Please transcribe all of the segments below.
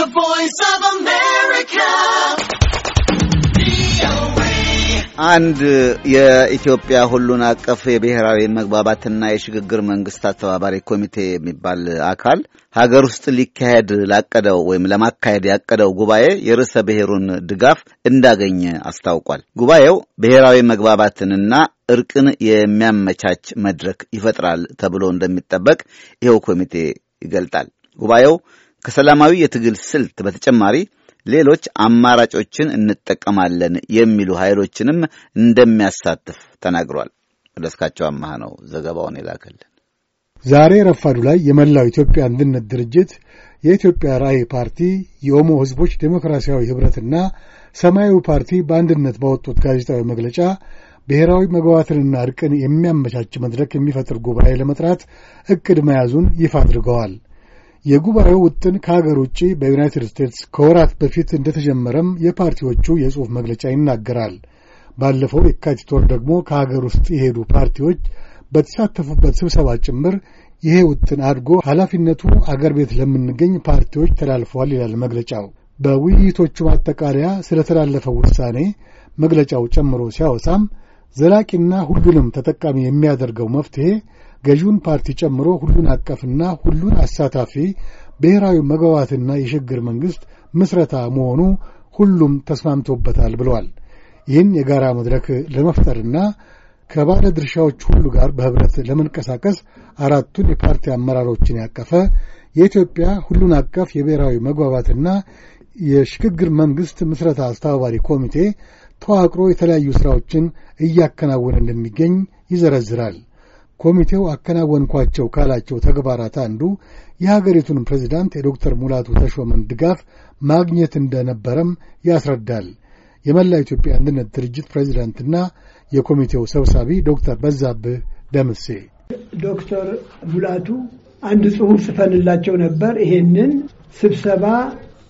The Voice of America. አንድ የኢትዮጵያ ሁሉን አቀፍ የብሔራዊ መግባባትና የሽግግር መንግስት አስተባባሪ ኮሚቴ የሚባል አካል ሀገር ውስጥ ሊካሄድ ላቀደው ወይም ለማካሄድ ያቀደው ጉባኤ የርዕሰ ብሔሩን ድጋፍ እንዳገኘ አስታውቋል። ጉባኤው ብሔራዊ መግባባትንና እርቅን የሚያመቻች መድረክ ይፈጥራል ተብሎ እንደሚጠበቅ ይኸው ኮሚቴ ይገልጣል። ጉባኤው ከሰላማዊ የትግል ስልት በተጨማሪ ሌሎች አማራጮችን እንጠቀማለን የሚሉ ኃይሎችንም እንደሚያሳትፍ ተናግሯል። መለስካቸው አማሃ ነው ዘገባውን የላከልን። ዛሬ ረፋዱ ላይ የመላው ኢትዮጵያ አንድነት ድርጅት፣ የኢትዮጵያ ራዕይ ፓርቲ፣ የኦሞ ህዝቦች ዴሞክራሲያዊ ኅብረትና ሰማያዊ ፓርቲ በአንድነት ባወጡት ጋዜጣዊ መግለጫ ብሔራዊ መግባባትንና እርቅን የሚያመቻች መድረክ የሚፈጥር ጉባኤ ለመጥራት እቅድ መያዙን ይፋ አድርገዋል። የጉባኤው ውጥን ከሀገር ውጭ በዩናይትድ ስቴትስ ከወራት በፊት እንደተጀመረም የፓርቲዎቹ የጽሑፍ መግለጫ ይናገራል። ባለፈው የካቲት ወር ደግሞ ከሀገር ውስጥ የሄዱ ፓርቲዎች በተሳተፉበት ስብሰባ ጭምር ይሄ ውጥን አድጎ ኃላፊነቱ አገር ቤት ለምንገኝ ፓርቲዎች ተላልፈዋል ይላል መግለጫው። በውይይቶቹ ማጠቃለያ ስለተላለፈው ውሳኔ መግለጫው ጨምሮ ሲያወሳም ዘላቂና ሁሉንም ተጠቃሚ የሚያደርገው መፍትሔ ገዢውን ፓርቲ ጨምሮ ሁሉን አቀፍና ሁሉን አሳታፊ ብሔራዊ መግባባትና የሽግግር መንግሥት ምስረታ መሆኑ ሁሉም ተስማምቶበታል ብለዋል። ይህን የጋራ መድረክ ለመፍጠርና ከባለ ድርሻዎች ሁሉ ጋር በህብረት ለመንቀሳቀስ አራቱን የፓርቲ አመራሮችን ያቀፈ የኢትዮጵያ ሁሉን አቀፍ የብሔራዊ መግባባትና የሽግግር መንግሥት ምስረታ አስተባባሪ ኮሚቴ ተዋቅሮ የተለያዩ ሥራዎችን እያከናወነ እንደሚገኝ ይዘረዝራል። ኮሚቴው አከናወንኳቸው ካላቸው ተግባራት አንዱ የሀገሪቱን ፕሬዚዳንት የዶክተር ሙላቱ ተሾመን ድጋፍ ማግኘት እንደነበረም ያስረዳል። የመላ ኢትዮጵያ አንድነት ድርጅት ፕሬዚዳንትና የኮሚቴው ሰብሳቢ ዶክተር በዛብህ ደምሴ ዶክተር ሙላቱ አንድ ጽሑፍ ጽፈንላቸው ነበር። ይሄንን ስብሰባ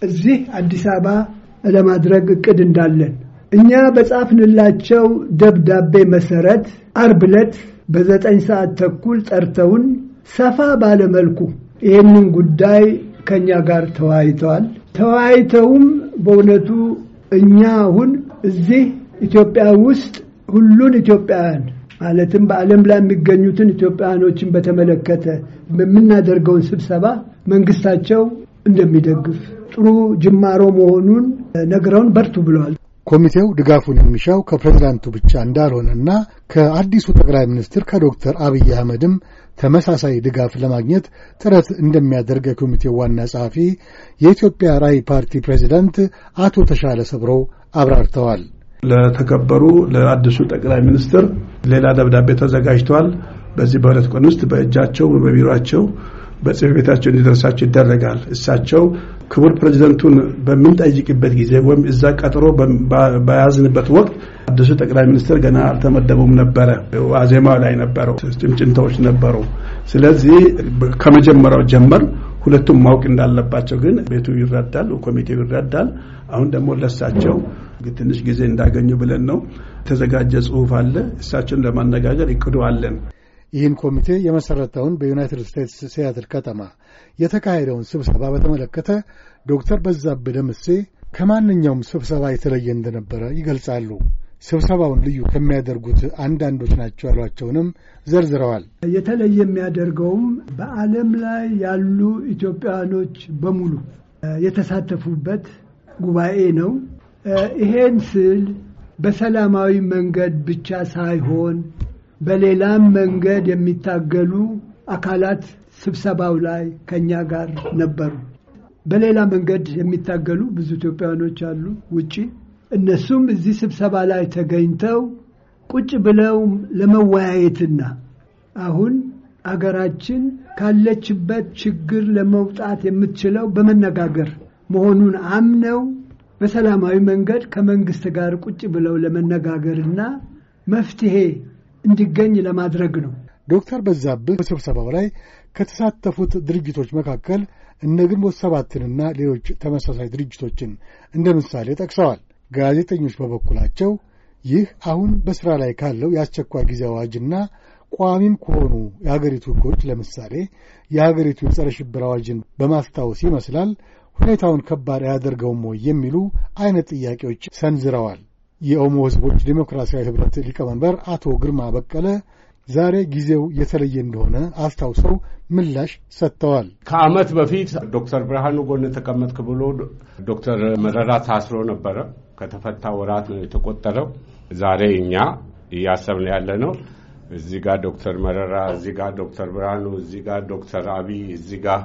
እዚህ አዲስ አበባ ለማድረግ እቅድ እንዳለን እኛ በጻፍንላቸው ደብዳቤ መሰረት አርብ ዕለት በዘጠኝ ሰዓት ተኩል ጠርተውን ሰፋ ባለመልኩ ይህንን ጉዳይ ከእኛ ጋር ተወያይተዋል። ተወያይተውም በእውነቱ እኛ አሁን እዚህ ኢትዮጵያ ውስጥ ሁሉን ኢትዮጵያውያን ማለትም በዓለም ላይ የሚገኙትን ኢትዮጵያውያኖችን በተመለከተ የምናደርገውን ስብሰባ መንግስታቸው እንደሚደግፍ ጥሩ ጅማሮ መሆኑን ነግረውን በርቱ ብለዋል። ኮሚቴው ድጋፉን የሚሻው ከፕሬዚዳንቱ ብቻ እንዳልሆነና ከአዲሱ ጠቅላይ ሚኒስትር ከዶክተር አብይ አህመድም ተመሳሳይ ድጋፍ ለማግኘት ጥረት እንደሚያደርግ የኮሚቴው ዋና ጸሐፊ የኢትዮጵያ ራይ ፓርቲ ፕሬዚዳንት አቶ ተሻለ ሰብሮ አብራርተዋል። ለተከበሩ ለአዲሱ ጠቅላይ ሚኒስትር ሌላ ደብዳቤ ተዘጋጅተዋል። በዚህ በሁለት ቀን ውስጥ በእጃቸው በቢሮቸው በጽሕፈት ቤታቸው እንዲደርሳቸው ይደረጋል። እሳቸው ክቡር ፕሬዚደንቱን በምንጠይቅበት ጊዜ ወይም እዛ ቀጠሮ በያዝንበት ወቅት አዲሱ ጠቅላይ ሚኒስትር ገና አልተመደቡም ነበረ። ዋዜማው ላይ ነበረው፣ ጭምጭምታዎች ነበሩ። ስለዚህ ከመጀመሪያው ጀመር ሁለቱም ማወቅ እንዳለባቸው ግን ቤቱ ይረዳል፣ ኮሚቴው ይረዳል። አሁን ደግሞ ለሳቸው ትንሽ ጊዜ እንዳገኙ ብለን ነው የተዘጋጀ ጽሁፍ አለ። እሳቸውን ለማነጋገር እቅዱ አለን። ይህን ኮሚቴ የመሠረተውን በዩናይትድ ስቴትስ ሲያትል ከተማ የተካሄደውን ስብሰባ በተመለከተ ዶክተር በዛብህ ደምሴ ከማንኛውም ስብሰባ የተለየ እንደነበረ ይገልጻሉ። ስብሰባውን ልዩ ከሚያደርጉት አንዳንዶች ናቸው ያሏቸውንም ዘርዝረዋል። የተለየ የሚያደርገውም በዓለም ላይ ያሉ ኢትዮጵያኖች በሙሉ የተሳተፉበት ጉባኤ ነው። ይሄን ስል በሰላማዊ መንገድ ብቻ ሳይሆን በሌላም መንገድ የሚታገሉ አካላት ስብሰባው ላይ ከኛ ጋር ነበሩ። በሌላ መንገድ የሚታገሉ ብዙ ኢትዮጵያውያኖች አሉ ውጪ። እነሱም እዚህ ስብሰባ ላይ ተገኝተው ቁጭ ብለው ለመወያየትና አሁን አገራችን ካለችበት ችግር ለመውጣት የምትችለው በመነጋገር መሆኑን አምነው በሰላማዊ መንገድ ከመንግስት ጋር ቁጭ ብለው ለመነጋገርና መፍትሄ እንዲገኝ ለማድረግ ነው። ዶክተር በዛብህ በስብሰባው ላይ ከተሳተፉት ድርጅቶች መካከል እነ ግንቦት ሰባትንና ሌሎች ተመሳሳይ ድርጅቶችን እንደ ምሳሌ ጠቅሰዋል። ጋዜጠኞች በበኩላቸው ይህ አሁን በሥራ ላይ ካለው የአስቸኳይ ጊዜ አዋጅና ቋሚም ከሆኑ የአገሪቱ ሕጎች ለምሳሌ የአገሪቱ የጸረ ሽብር አዋጅን በማስታወስ ይመስላል ሁኔታውን ከባድ አያደርገውም ወይ የሚሉ አይነት ጥያቄዎች ሰንዝረዋል። የኦሞ ህዝቦች ዴሞክራሲያዊ ህብረት ሊቀመንበር አቶ ግርማ በቀለ ዛሬ ጊዜው የተለየ እንደሆነ አስታውሰው ምላሽ ሰጥተዋል። ከዓመት በፊት ዶክተር ብርሃኑ ጎን ተቀመጥክ ብሎ ዶክተር መረራ ታስሮ ነበረ። ከተፈታ ወራት ነው የተቆጠረው። ዛሬ እኛ እያሰብን ያለ ነው እዚህ ጋር ዶክተር መረራ እዚህ ጋር ዶክተር ብርሃኑ እዚህ ጋር ዶክተር አብይ እዚህ ጋር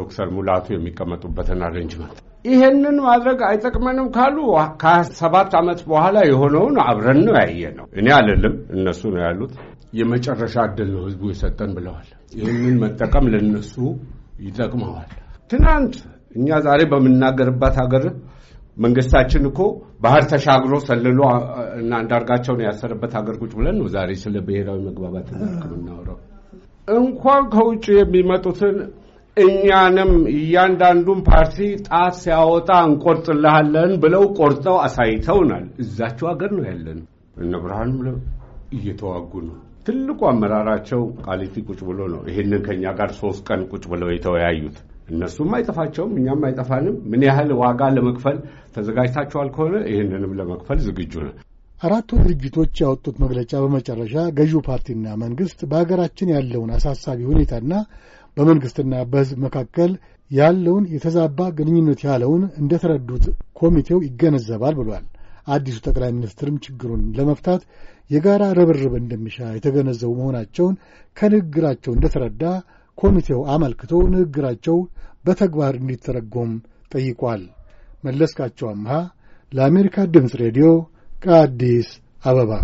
ዶክተር ሙላቱ የሚቀመጡበትን አሬንጅመንት ይሄንን ማድረግ አይጠቅመንም ካሉ ከሰባት ዓመት በኋላ የሆነውን አብረን ነው ያየ ነው። እኔ አልልም፣ እነሱ ነው ያሉት። የመጨረሻ እድል ነው ህዝቡ የሰጠን ብለዋል። ይህንን መጠቀም ለነሱ ይጠቅመዋል። ትናንት እኛ ዛሬ በምናገርባት ሀገር መንግስታችን እኮ ባህር ተሻግሮ ሰልሎ እና አንዳርጋቸውን ያሰረበት ሀገር ቁጭ ብለን ነው ዛሬ ስለ ብሔራዊ መግባባት ምናውረው እንኳን ከውጭ የሚመጡትን እኛንም እያንዳንዱን ፓርቲ ጣት ሲያወጣ እንቆርጥልሃለን ብለው ቆርጠው አሳይተውናል። እዛቸው አገር ነው ያለን። እነ ብርሃንም እየተዋጉ ነው። ትልቁ አመራራቸው ቃሊቲ ቁጭ ብሎ ነው ይህንን ከእኛ ጋር ሶስት ቀን ቁጭ ብለው የተወያዩት። እነሱም አይጠፋቸውም፣ እኛም አይጠፋንም። ምን ያህል ዋጋ ለመክፈል ተዘጋጅታቸዋል ከሆነ ይህንንም ለመክፈል ዝግጁ ነው። አራቱ ድርጅቶች ያወጡት መግለጫ በመጨረሻ ገዢው ፓርቲና መንግስት በሀገራችን ያለውን አሳሳቢ ሁኔታና በመንግሥትና በሕዝብ መካከል ያለውን የተዛባ ግንኙነት ያለውን እንደተረዱት ኮሚቴው ይገነዘባል ብሏል። አዲሱ ጠቅላይ ሚኒስትርም ችግሩን ለመፍታት የጋራ ርብርብ እንደሚሻ የተገነዘቡ መሆናቸውን ከንግግራቸው እንደተረዳ ኮሚቴው አመልክቶ ንግግራቸው በተግባር እንዲተረጎም ጠይቋል። መለስካቸው አምሃ ለአሜሪካ ድምፅ ሬዲዮ ከአዲስ አበባ